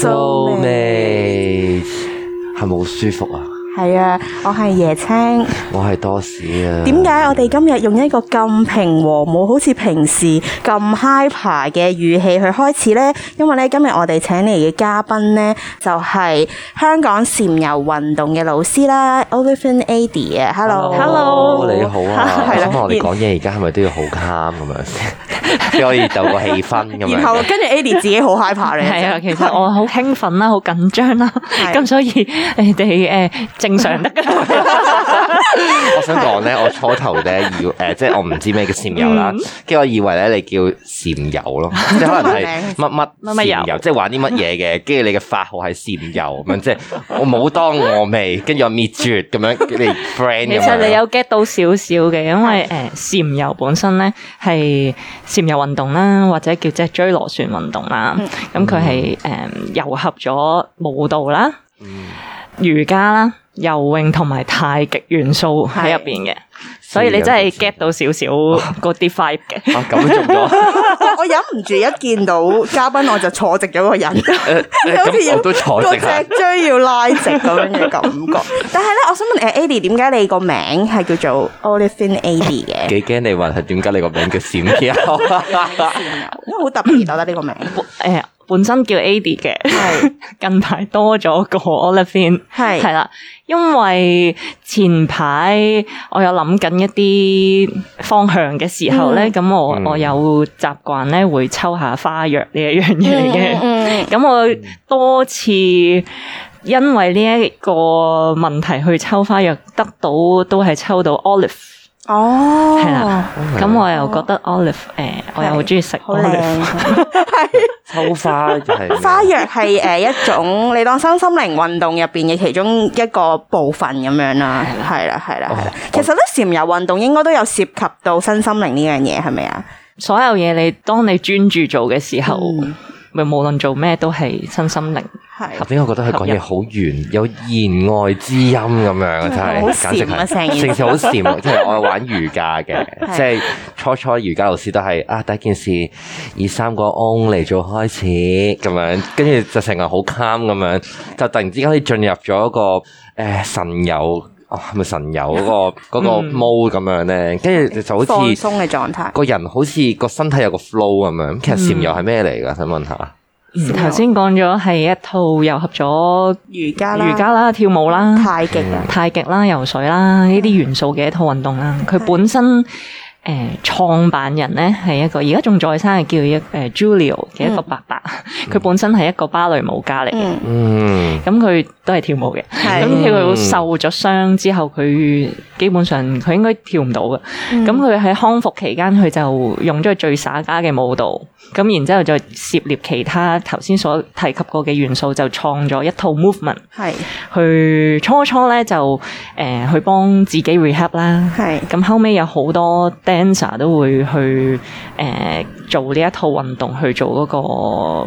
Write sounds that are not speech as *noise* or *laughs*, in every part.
做咩？係冇 So 舒服啊？係啊，我係椰青， *laughs* 我係多士啊。點解我哋今日用一個咁平和冇好似平時咁 hyper 嘅語氣去開始呢？因為咧今日我哋請嚟嘅嘉賓呢，就係、是、香港禪柔運動嘅老師啦 *laughs* ，Olivene Adi 啊，Hello，Hello，Hello. 你好啊，咁 *laughs* 我哋講嘢而家係咪都要好 calm 咁樣先？開熱鬧個氣氛咁樣，然後跟住 Adi 自己好害怕你，係 *noise* 啊楽，其實我好興奮啦，好緊張啦，咁、 *laughs* 嗯、 *laughs* 所以你哋誒、呃、正常得㗎。 *laughs* *laughs* *laughs* 我想講咧，我初頭咧要誒、呃，即係我唔知咩叫禪柔啦，跟住、嗯、我以為咧你叫禪柔咯，即係可能係乜乜禪柔，即係玩啲乜嘢嘅，跟住你嘅發號係禪柔咁樣，即係我冇當我未，跟住我滅絕咁樣，你 friend。其實你有 get 到少少嘅，因為誒禪柔本身咧係禪柔運動啦，或者叫脊椎螺旋運動啦，咁佢係誒融合咗舞蹈啦、瑜伽啦。嗯嗯游泳同埋太極元素喺入邊嘅，的所以你真係 get 到少少嗰啲 vibe 嘅。咁做咗， *laughs* 啊、 *laughs* 我忍唔住一見到嘉賓我就坐直咗個人， *laughs* *laughs* 好似要個脊椎要拉直咁嘅感覺。 *laughs* *laughs* *laughs* 但係咧，我想問阿 Adi，e 點解你個名係叫做 Olivene i Adi e 嘅？幾驚你話係點解你個名叫閃耀？因為好特別，我覺得呢個名。本身叫 Adi 嘅，是近排多咗個 Olivene，係啦，因為前排我，我有諗緊一啲方向嘅時候咧，咁我我有習慣咧會抽下花藥呢一樣嘢嘅，咁、嗯嗯嗯、我多次因為呢一個問題去抽花藥，得到都係抽到 Olive。哦，係啦，咁我又覺得 Olive 誒、oh. 呃，我又好中意食 Olive 係花就係 *laughs* 花藥係誒一種，你當身心靈運動入邊嘅其中一個部分咁樣啦，啊，係啦， *laughs* *laughs* 係啦，係啦，oh, right. 其實咧禪柔運動應該都有涉及到身心靈呢樣嘢，係咪啊？ *laughs* 所有嘢你當你專注做嘅時候，嗯。咪無論做咩都係身心靈，係頭先我覺得佢講嘢好圓，引有言外之音咁樣，真係、 *laughs* 啊、簡直係成日好甜。即係 *laughs* 我玩瑜伽嘅，即係 *laughs* 初初瑜伽老師都係啊，第一件事以三個 on 嚟做開始咁樣，跟住就成日好 calm 咁樣， *laughs* 就突然之間可以進入咗一個誒、呃、神遊。哦，咪禪柔嗰、嗰個、嗰個毛咁樣咧，跟住、嗯、就好似放鬆嘅狀態，個人好似個身體有個 flow 咁樣。其實禪柔係咩嚟噶？嗯、想問下。頭先講咗係一套糅合咗瑜伽啦、瑜伽啦、跳舞啦、太極啊、嗯、太極啦、游水啦呢啲元素嘅一套運動啦、啊，佢本身。嗯誒，創、呃、辦人咧係一個而家仲再生嘅，叫一誒 Julio 嘅一個伯伯，佢、呃嗯、 *laughs* 本身係一個芭蕾舞家嚟嘅，咁佢、嗯嗯、都係跳舞嘅，咁佢、嗯、受咗傷之後，佢基本上佢應該跳唔到嘅，咁佢喺康復期間，佢就用咗佢最灑家嘅舞蹈。咁然之後就涉獵其他頭先所提及過嘅元素，就創咗一套 movement，係去初初咧就誒、呃、去幫自己 rehab 啦，係咁後尾有好多 dancer 都會去誒、呃、做呢一套運動去做個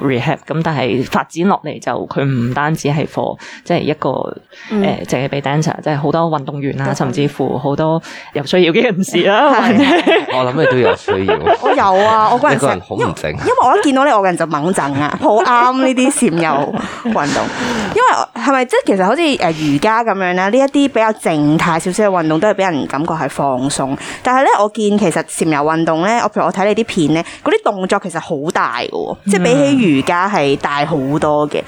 rehab，咁但係發展落嚟，就佢唔單止係 for 即係一個誒淨、呃、係俾 dancer，即係好多運動員啊、嗯、甚至乎好多有需要嘅人士啦，我諗你都有需要，我有啊，我嗰陣時一個人好唔～因為我一見到咧，我個人就猛震啊，好啱呢啲禪柔運動。因為係咪即係其實好似誒瑜伽咁樣咧？呢一啲比較靜態少少嘅運動，都係俾人感覺係放鬆。但係咧，我見其實禪柔運動咧，我譬如我睇你啲片咧，嗰啲動作其實好大嘅，即係比起瑜伽係大好多嘅，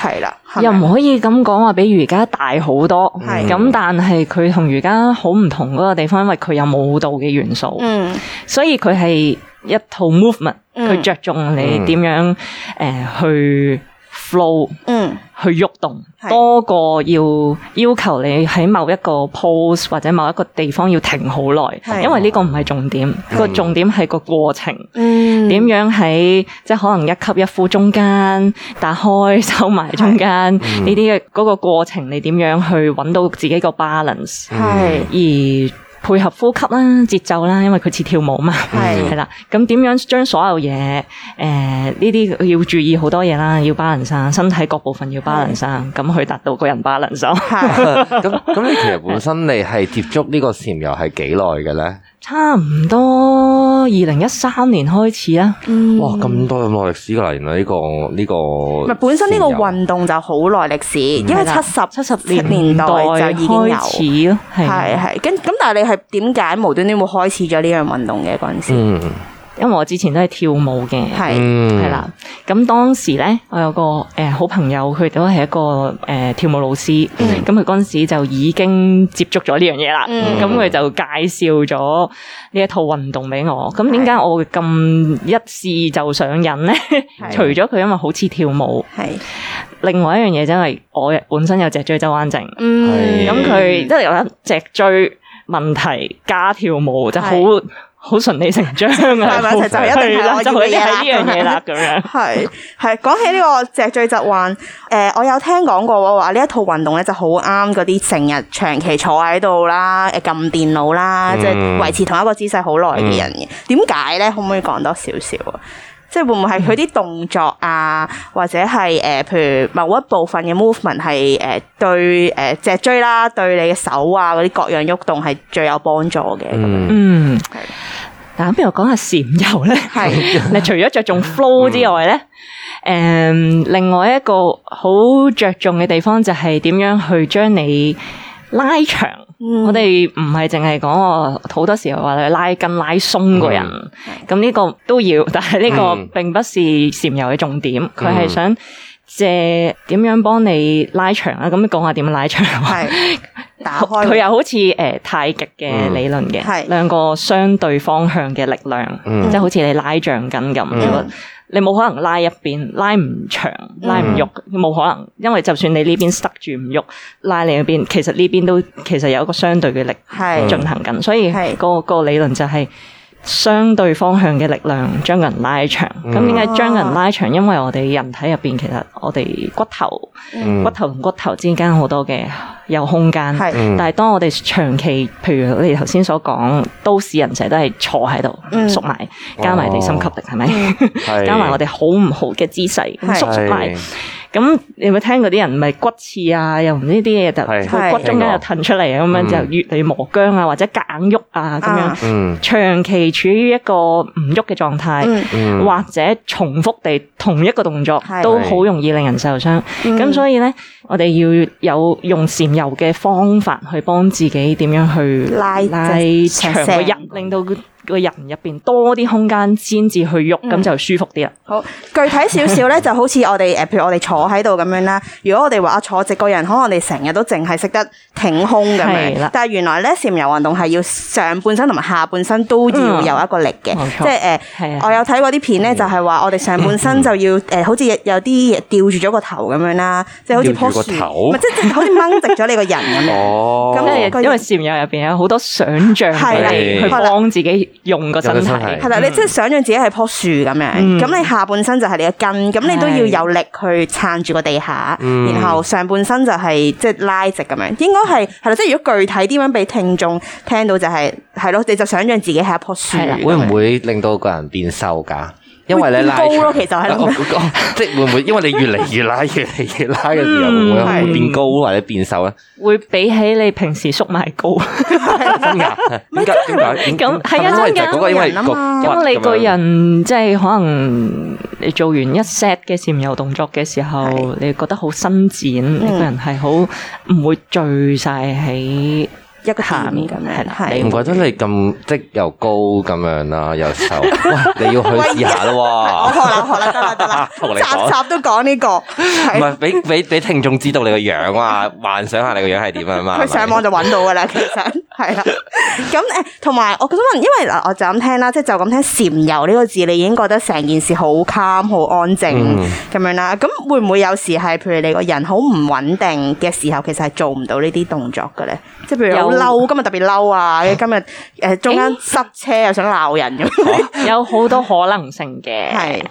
係啦、嗯吧，又唔可以咁講話比瑜伽大好多。係咁，但係佢同瑜伽好唔同嗰個地方，因為佢有舞蹈嘅元素，嗯，所以佢係。一套 movement，佢着重你點樣誒、嗯呃、去 flow，嗯，去喐動，動，是多過要要求你喺某一個 pose 或者某一個地方要停好耐，是因為呢個唔係重點，是個重點係個過程，嗯是，點樣喺即係可能一吸一呼中間打開收埋中間呢啲嘅嗰個過程，你點樣去揾到自己個 balance，係是是而。配合呼吸啦、節奏啦，因為佢似跳舞嘛，係係啦。咁點樣將所有嘢誒呢啲要注意好多嘢啦，要平衡、啊，身體各部分要平衡、啊，咁是去達到個人平衡就。 *laughs* *laughs* 咁咁，你其實本身你係接觸個呢個禪柔係幾耐嘅咧？差唔多二零一三年開始、嗯、啊。哇、這個，咁多咁耐歷史嚟啦！呢個呢個唔係本身呢個運動就好耐歷史，嗯、因為七十、七十年代就已經有。係係跟咁，但係你係點解無端端會開始咗呢樣運動嘅？嗰陣時。嗯因為我之前都係跳舞嘅，係係啦。咁當時呢，我有個誒好朋友，佢都係一個誒跳舞老師。咁佢嗰陣時就已經接觸咗呢樣嘢啦。咁佢就介紹咗呢一套運動俾我。咁點解我咁一試就上癮呢？除咗佢因為好似跳舞，係另外一樣嘢，真係我本身有脊椎側彎症。嗯，咁佢即係有脊椎問題加跳舞就好。好順理成章啊，係咪？就一定要攞呢樣嘢啦，咁樣。係係， *laughs* *laughs* 講起呢個脊椎疾患，誒、呃，我有聽講過話呢一套運動咧，就好啱嗰啲成日長期坐喺度啦，誒，撳電腦啦，即係維持同一個姿勢好耐嘅人嘅。點解咧？可唔可以講多少少啊？即係會唔會係佢啲動作啊，或者係誒，譬如某一部分嘅 movement 係誒對誒脊椎啦，對你嘅手啊嗰啲各樣喐動係最有幫助嘅。嗯，係。但係不如講下禪柔咧，係，你除咗着重 flow 之外咧，誒，另外一個好着重嘅地方就係點樣去將你拉長。嗯、我哋唔係淨係講我好多時候話你拉筋拉鬆個人，咁呢、嗯、個都要，但係呢個並不是禪柔嘅重點，佢係、嗯、想。借點樣幫你拉長啊？咁講下點樣拉長啊？打開佢 *laughs* 又好似誒、呃、太極嘅理論嘅，係、嗯、兩個相對方向嘅力量，嗯、即係好似你拉橡筋咁。如果、嗯、你冇可能拉一邊，拉唔長，拉唔喐，冇可能。因為就算你呢邊塞住唔喐，拉你嗰邊，其實呢邊都其實有一個相對嘅力係進行緊。嗯、所以係、嗰個係個理論就係、係。相對方向嘅力量將人拉長，咁點解將人拉長？啊、因為我哋人體入邊，其實我哋骨頭、嗯、骨頭同骨頭之間好多嘅有空間，嗯、但係當我哋長期，譬如你頭先所講，都市人成日都係坐喺度，縮埋、嗯，加埋地心吸力，係咪？加埋我哋好唔好嘅姿勢，縮埋。咁你有冇聽嗰啲人唔係骨刺啊，又唔知啲嘢，就骨中間又褪出嚟啊，咁樣就越嚟磨僵啊，或者夾硬喐啊咁、啊、樣，嗯、長期處於一個唔喐嘅狀態，嗯、或者重複地同一個動作、嗯、都好容易令人受傷。咁所以呢，我哋要有用禪柔嘅方法去幫自己點樣去拉拉，拉長個日，令到。個人入邊多啲空間先至去喐，咁就舒服啲啦。好，具體少少咧，就好似我哋誒，譬如我哋坐喺度咁樣啦。如果我哋話我坐直個人，可能我哋成日都淨係識得挺胸咁樣。但係原來咧禪柔運動係要上半身同埋下半身都要有一個力嘅，即係誒，我有睇過啲片咧，就係話我哋上半身就要誒，好似有啲嘢吊住咗個頭咁樣啦，即係好似棵樹，唔係即係好似掹直咗你個人咁樣。哦，因為因為禪柔入邊有好多想像嚟，去幫自己。用個身體，係啦，你即係想象自己係棵樹咁樣，咁、嗯、你下半身就係你嘅根，咁你都要有力去撐住個地下，嗯，然後上半身就係、是、即係拉直咁樣，應該係係啦，即係如果具體點樣俾聽眾聽到就係係咯，你就想象自己係一棵樹，會唔會令到個人變瘦噶？因為你拉高囉，其實係，即係會唔會？因為你越嚟越拉，越嚟越拉嘅時候，會唔會變高或者變瘦咧？會比起你平時縮埋高，點解？點解？咁係啊，真嘅，因為因為個，因為你個人即係可能你做完一 set 嘅禪柔動作嘅時候，你覺得好伸展，你個人係好唔會聚晒喺。一個下面咁樣，係唔怪得你咁即係又高咁樣啦，又瘦，你要去試下咯。好啦，好啦，得啦，得啦，集集都講呢個。唔係俾俾俾聽眾知道你個樣啊，幻想下你個樣係點啊嘛。佢上網就揾到噶啦，其實係啦。咁誒，同埋我覺得，因為嗱，我就咁聽啦，即係就咁聽。禪柔呢個字，你已經覺得成件事好 calm、好安靜咁樣啦。咁會唔會有時係，譬如你個人好唔穩定嘅時候，其實係做唔到呢啲動作嘅咧？即係譬如。嬲今日特別嬲啊！今日誒中間塞車又想鬧人咁，欸、 *laughs* 有好多可能性嘅。係是，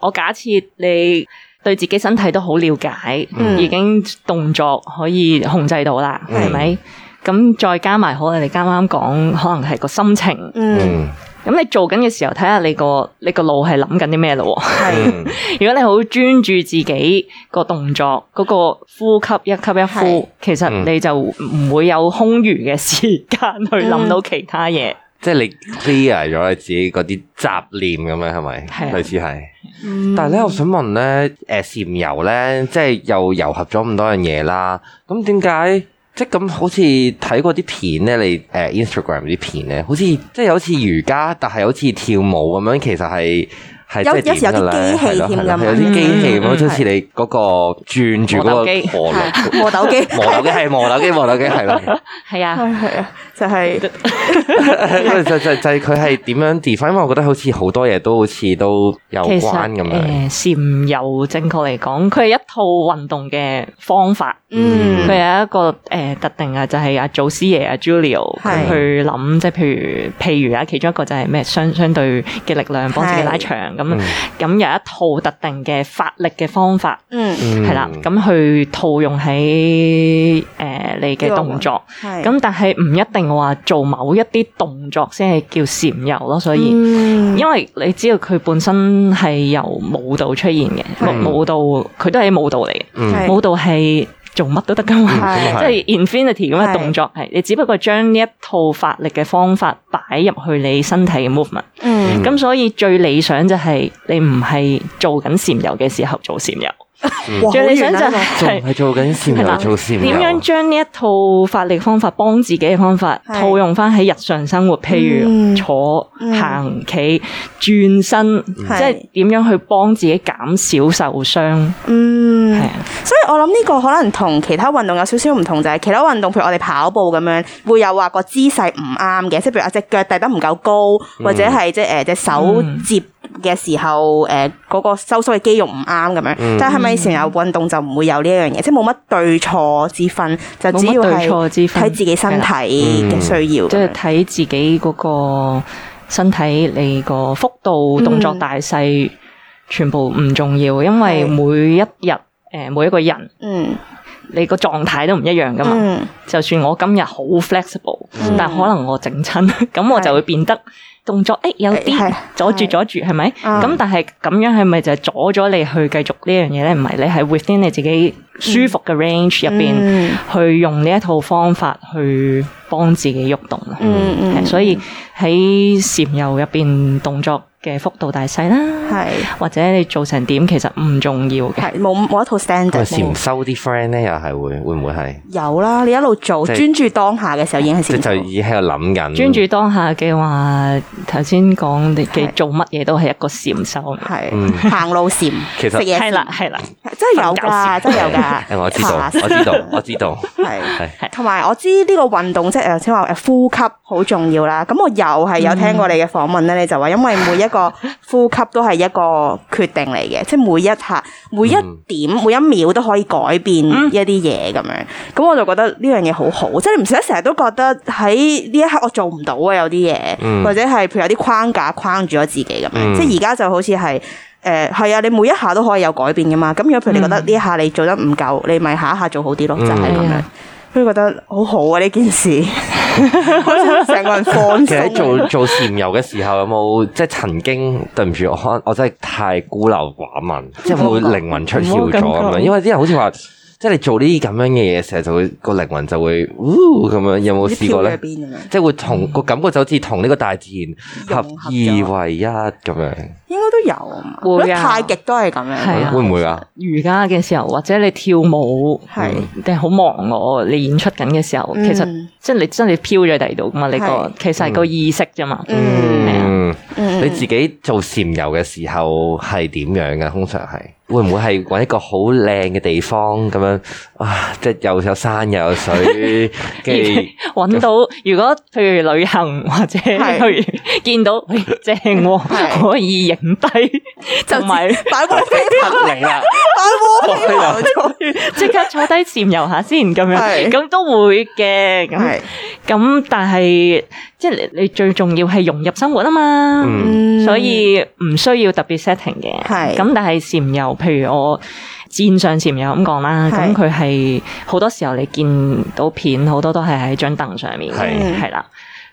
我假設你對自己身體都好了解，嗯、已經動作可以控制到啦，係咪、嗯？咁再加埋可能你啱啱講，可能係個心情。嗯嗯。咁你做緊嘅時候，睇下你個你個腦係諗緊啲咩咯？係， *laughs* 如果你好專注自己個動作，嗰、嗰個呼吸一吸一呼，是其實你就唔會有空餘嘅時間去諗到其他嘢。嗯、 *laughs* 即係你 clear 咗你自己嗰啲雜念咁樣，係咪的類似係？嗯、但係咧，我想問咧，誒，禪柔咧，即係又糅合咗咁多樣嘢啦，咁點解？即咁好似睇過啲片咧，你誒、uh, Instagram 啲片咧，好似即係好似瑜伽，但係好似跳舞咁樣，其實係。有有啲機器添，有啲機器，好似你嗰個轉住嗰個磨斗機，磨斗機，磨斗機係磨斗機，磨斗機係咯，係啊，係啊，就係，就就就係佢係點樣 define？因為我覺得好似好多嘢，都好似都有關咁樣。誒，禪柔正確嚟講，佢係一套運動嘅方法。嗯，佢有一個誒特定啊，就係阿祖師爺阿 Julio 去諗，即係譬如，譬如啊，其中一個就係咩相相對嘅力量幫自己拉長。咁咁、嗯、有一套特定嘅發力嘅方法，係啦、嗯，咁去套用喺誒、呃、你嘅動作。係咁，但係唔一定話做某一啲動作先係叫禪柔咯。所以，嗯、因為你知道佢本身係由舞蹈出現嘅，舞蹈佢都係舞蹈嚟嘅，舞蹈係。做乜都得㗎嘛，的即係 infinity 咁嘅動作，的你只不過將呢一套發力嘅方法擺入去你身體嘅 movement，咁所以最理想就係你唔係做緊禪柔嘅時候做禪柔。最理想就係做緊禪柔，做禪柔，點樣將呢一套發力方法幫自己嘅方法套用翻喺日常生活？譬如坐、行、企、轉身，即係點樣去幫自己減少受傷？嗯，係啊。所以我諗呢個可能同其他運動有少少唔同，就係其他運動譬如我哋跑步咁樣，會有話個姿勢唔啱嘅，即係譬如隻腳遞得唔夠高，或者係即係誒隻手接。嘅時候，誒、呃、嗰、那個收縮嘅肌肉唔啱咁樣，即係咪成日運動就唔會有呢一樣嘢，即係冇乜對錯之分，就只要對錯之分。睇自己身體嘅需要，嗯、即係睇自己嗰個身體你個幅度動作大細，全部唔重要，因為每一日誒、嗯、每一個人，嗯。你個狀態都唔一樣噶嘛？嗯、就算我今日好 flexible，、嗯、但可能我整親，咁、嗯、 *laughs* 我就會變得動作誒、哎、有啲阻住阻住，係咪？咁、嗯、但係咁樣係咪就係阻咗你去繼續呢樣嘢咧？唔係，你係 within 你自己舒服嘅 range 入邊，嗯、去用呢一套方法去幫自己喐動。嗯嗯、嗯嗯所以喺禪柔入邊動作。嘅幅度大細啦，係或者你做成點其實唔重要嘅，係冇冇一套 standard。禪修啲 friend 咧，又係會會唔會係有啦？你一路做專注當下嘅時候已經禪修，即係就已喺度諗緊。專注當下嘅話，頭先講你嘅做乜嘢都係一個禪修，係行路禪，其實食嘢係啦係啦，真係有㗎，真係有㗎。我知道，我知道，我知道，係係同埋我知呢個運動即係即係話呼吸好重要啦。咁我又係有聽過你嘅訪問咧，你就話因為每一個呼吸都係一個決定嚟嘅，即係每一下、每一點、每一秒都可以改變一啲嘢咁樣。咁、嗯、我就覺得呢樣嘢好好，即係你唔使成日都覺得喺呢一刻我做唔到啊，有啲嘢或者係譬如有啲框架框住咗自己咁樣。嗯、即係而家就好似係誒，係、呃、啊，你每一下都可以有改變噶嘛。咁如果譬如你覺得呢一下你做得唔夠，你咪下一下做好啲咯，就係、是、咁樣。所以覺得好好啊呢件事。成個人放， *laughs* *laughs* 其實做做禪柔嘅時候有冇即係曾經？對唔住我，我真係太孤陋寡聞，即係有冇靈魂出竅咗咁樣。嗯嗯、因為啲人好似話。即係你做呢啲咁樣嘅嘢，成日就會個靈魂就會，嗚咁樣。有冇試過咧？即係會同個感覺就好似同呢個大自然合二為一咁樣。應該都有，我覺得太極都係咁樣，會唔會啊？瑜伽嘅時候，或者你跳舞，定係好忙我，你演出緊嘅時候，其實即係你真係飄咗第二度噶嘛？你個其實係個意識啫嘛。嗯，你自己做禪柔嘅時候係點樣嘅？通常係。會唔會係揾一個好靚嘅地方咁樣啊？即係又有山又有水，跟住揾到。如果譬如旅行或者去見到正喎，可以影低，就唔係擺波飛騰嚟啦！擺波飛騰嚟，即刻坐低禪柔下先咁樣，咁都會嘅。咁咁，但係即係你最重要係融入生活啊嘛。所以唔需要特別 setting 嘅。係咁，但係禪柔。譬如我戰上前有咁講啦，咁佢係好多時候你見到片，好多都係喺張凳上面，係啦，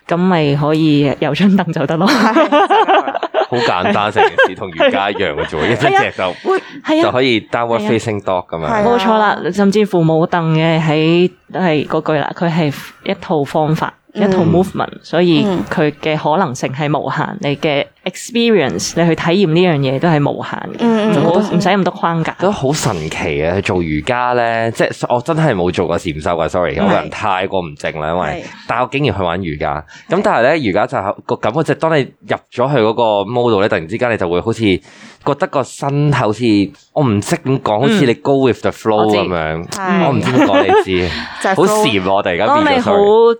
咁咪可以有張凳就得咯，好簡單成件事，同瑜伽一樣嘅啫，一隻手就係就可以 downward facing dog 咁啊，冇錯啦，甚至乎冇凳嘅喺都係嗰句啦，佢係一套方法，一套 movement，所以佢嘅可能性係無限，你嘅。experience 你去體驗呢樣嘢都係無限嘅，唔使咁多框架。都好神奇啊！做瑜伽咧，即係我真係冇做過禪修嘅，sorry，我個人太過唔靜啦，因為，但我竟然去玩瑜伽。咁但係咧，瑜伽就個感覺就係當你入咗去嗰個 model 咧，突然之間你就會好似覺得個身好似我唔識咁講，好似你 go with the flow 咁樣，我唔知點講你知，好蝕我哋而家變咗當你好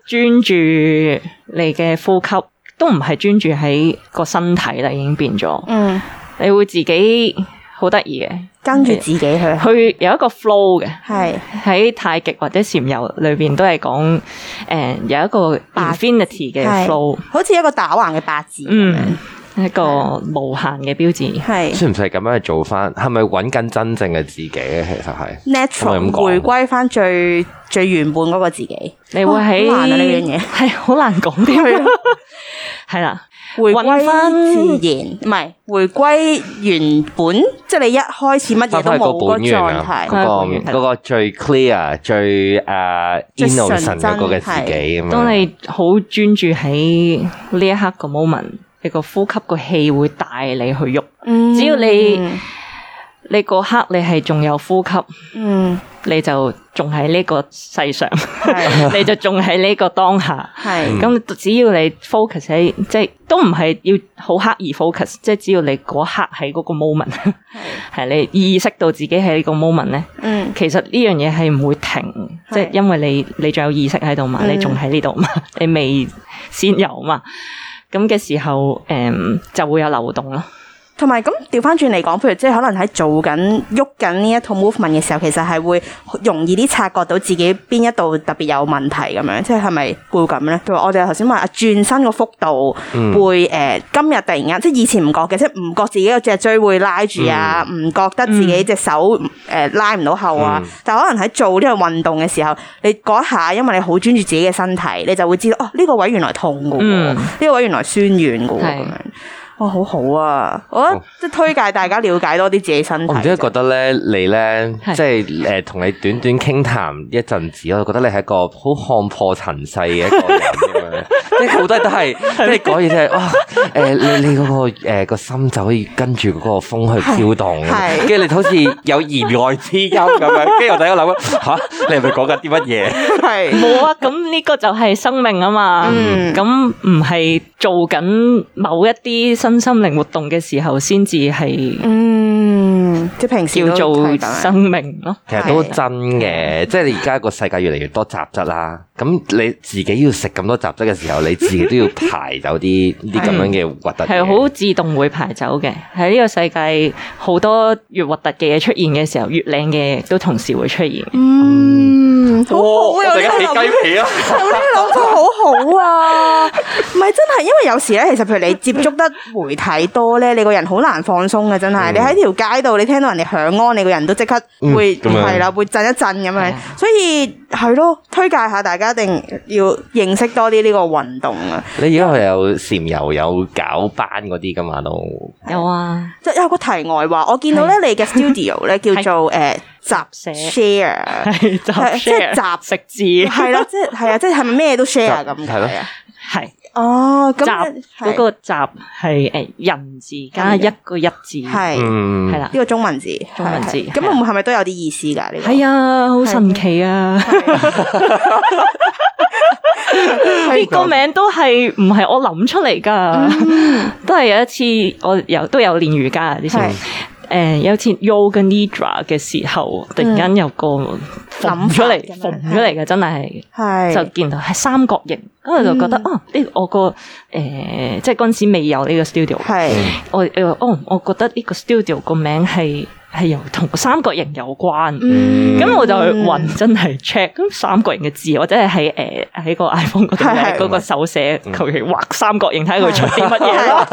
專注你嘅呼吸。都唔係專注喺個身體啦，已經變咗。嗯，你會自己好得意嘅，跟住自己去，去有一個 flow 嘅，係喺太極或者禪柔裏邊都係講誒，有一個 infinity 嘅 flow，好似、嗯、一個打橫嘅八字，嗯，一個無限嘅標誌，係。似唔似咁樣去做翻？係咪揾緊真正嘅自己咧？其實係 natural ron 回歸翻最最原本嗰個自己。你會喺呢樣嘢係好難講啲去。 *laughs* 係啦，回歸自然，唔係回歸原本， *laughs* 即係你一開始乜嘢都冇嗰狀態，嗰、嗰個、的個最 clear 最誒 innocent 嗰個嘅自己，當你好專注喺呢一刻個 moment，你個呼吸個氣會帶你去喐，嗯、只要你、嗯。你嗰刻你係仲有呼吸，嗯，你就仲喺呢個世上，是 *laughs* 你就仲喺呢個當下，係是。咁只要你 focus 喺，即、就、係、是、都唔係要好刻意 focus，即係只要你嗰刻喺嗰個 moment，係、嗯、 *laughs* 你意識到自己喺呢個 moment 咧。嗯，其實呢樣嘢係唔會停，即係是因為你你仲有意識喺度嘛，嗯、你仲喺呢度嘛， *laughs* 你未先有嘛，咁嘅時候，誒、嗯，就會有流動咯。同埋咁調翻轉嚟講，譬如即係可能喺做緊喐緊呢一套 movement 嘅時候，其實係會容易啲察覺到自己邊一度特別有問題咁樣，即係係咪會咁咧？譬如我哋頭先話啊，轉身個幅度會誒，嗯、今日突然間即係以前唔覺嘅，即係唔覺自己脊椎會拉住啊，唔、嗯、覺得自己隻手誒、呃、拉唔到後啊，嗯、但係可能喺做呢個運動嘅時候，你嗰下因為你好專注自己嘅身體，你就會知道哦，呢、啊呢個位原來痛嘅，呢、嗯、個位原來酸軟嘅咁樣。哇、哦，好好啊！我即係推介大家了解多啲自己身體。我真係覺得咧，你咧即係誒，同你短短傾談一陣子，我就覺得你係一個好看破塵世嘅一個人。 *laughs* 即係好多都係，即係講嘢即係，哇！誒，你你嗰個誒個心就可以跟住嗰個風去飄蕩嘅，跟住你好似有弦外之音咁樣，跟住我第一個諗啊，吓你係咪講緊啲乜嘢？係冇啊，咁呢個就係生命啊嘛，咁唔係做緊某一啲身心靈活動嘅時候先至係，嗯，即係平時叫做生命咯，其實都真嘅，即係你而家個世界越嚟越多雜質啦。咁你自己要食咁多雜質嘅時候，你自己都要排走啲啲咁樣嘅核突，係好自動會排走嘅。喺呢個世界，好多越核突嘅嘢出現嘅時候，越靚嘅都同時會出現。嗯，好好啊！起雞皮啊，呢啲諗法好好啊。唔係真係，因為有時咧，其實譬如你接觸得媒體多咧，你個人好難放鬆嘅，真係。你喺條街度，你聽到人哋響安，你個人都即刻會係啦，會震一震咁樣。所以係咯，推介下大家。一定要認識多啲呢個運動啊！你而家係有禪柔、有攪班嗰啲噶嘛？都有啊！即係有個題外話，我見到咧你嘅 studio 咧叫做誒是、呃、集寫 share，係集即、就是、集寫食字，係 *laughs* 咯，即係啊，即係咪咩都 share 咁？係咯，係。的哦，集，咁嗰個集係誒人字加一個一字，係係啦，呢個、嗯、的中文字，中文字，咁係咪都有啲意思噶？呢個係啊，好神奇啊！呢個名是是、mm, *laughs* 都係唔係我諗出嚟噶，都係有一次我有都有練瑜伽之前。的誒、uh, 有次 Yoga Nidra 嘅時候，突然間有個諗出嚟，諗出嚟嘅真係係是就見到係三角形，咁我就覺得、嗯、哦，呢我個誒、呃、即係嗰陣時未有呢個 studio，是我誒哦，我覺得呢個 studio 個名係，係由同三角形有關，咁、嗯、我就去揾真係 check 咁三角形嘅字，或者係喺誒喺個 iPhone 嗰度喺嗰個手寫求其的畫三角形睇佢出啲乜嘢咯，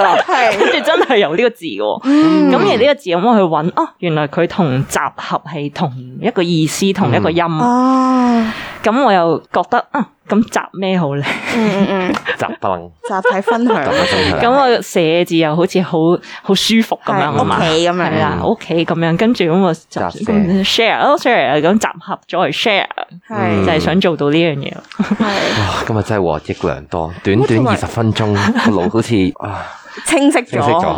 跟住的 *laughs* 真係有呢個字喎，咁而呢個字我幫佢揾，哦、啊、原來佢同集合係同一個意思，嗯、同一個音啊，咁我又覺得啊。嗯咁集咩好咧？嗯嗯，集燈集體分享，咁我寫字又好似好好舒服咁樣，屋企咁樣啦，屋企咁樣，跟住咁我集 share 咯，share 咁集合咗嚟 share，係就係想做到呢樣嘢哇，今日真係獲益良多，短短二十分鐘，個腦好似啊，清晰咗，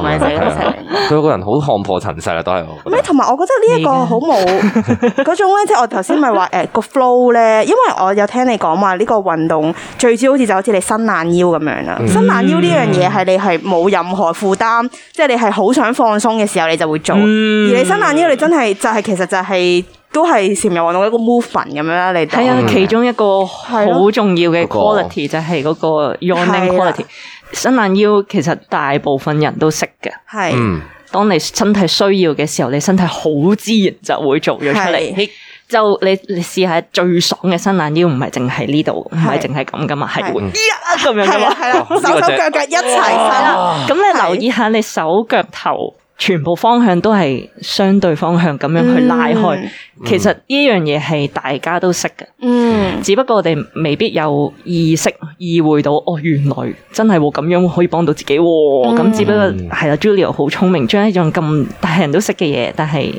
佢個人好看破塵世啦，都係。咩？同埋，我覺得呢一個好冇嗰種咧，即係我頭先咪話誒個 flow 咧，因為我有聽你講話呢個。運動最主要好似就好似你伸懶腰咁樣啦，伸懶、嗯、腰呢樣嘢係你係冇任何負擔，即、就、係、是、你係好想放鬆嘅時候，你就會做。嗯、而你伸懶腰，你真係就係、是、其實就係、是、都係禪柔運動一個 move 咁樣啦。你睇下、嗯、其中一個好重要嘅 quality 的就係嗰、那個,、那個、個 yawning quality 的。伸懶腰其實大部分人都識嘅，係的、嗯、當你身體需要嘅時候，你身體好自然就會做咗出嚟。就你你試下最爽嘅伸懶腰，唔係淨係呢度，唔係淨係咁噶嘛，係是會係啦，手手腳腳一齊，係啦哇。咁你留意下，的你手腳頭全部方向都係相對方向，咁樣去拉開。嗯、其實呢樣嘢係大家都識嘅，嗯，只不過我哋未必有意識意會到哦，原來真係會咁樣可以幫到自己。咁、哦嗯、只不過係啦 Julio 好聰明，將呢種咁大人都識嘅嘢，但係。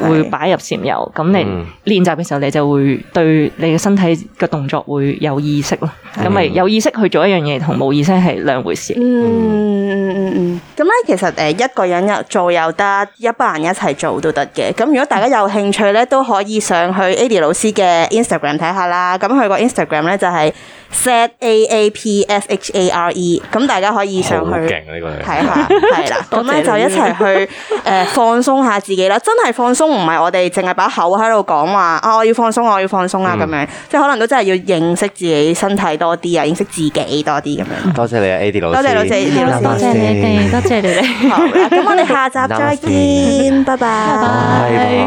會擺入禪柔，咁你練習嘅時候，你就會對你嘅身體嘅動作會有意識咯。咁咪有意識去做一樣嘢，同冇意識係兩回事。嗯嗯嗯嗯嗯。咁咧，其實誒，一個人又做又得，一班人一齊做都得嘅。咁如果大家有興趣咧，都可以上去 Adi 老師嘅 Instagram 睇下啦。咁佢個 Instagram 咧就係。Set a a p F h a r e，咁大家可以上去睇下，係啦，咁咧就一齊去誒放鬆下自己啦。真係放鬆，唔係我哋淨係把口喺度講話啊！我要放鬆，我要放鬆啦，咁樣，即係可能都真係要認識自己身體多啲啊，認識自己多啲咁樣。多謝你啊，Adi 老師，多謝老師，多謝你哋，多謝你哋。好啦，咁我哋下集再見，拜拜。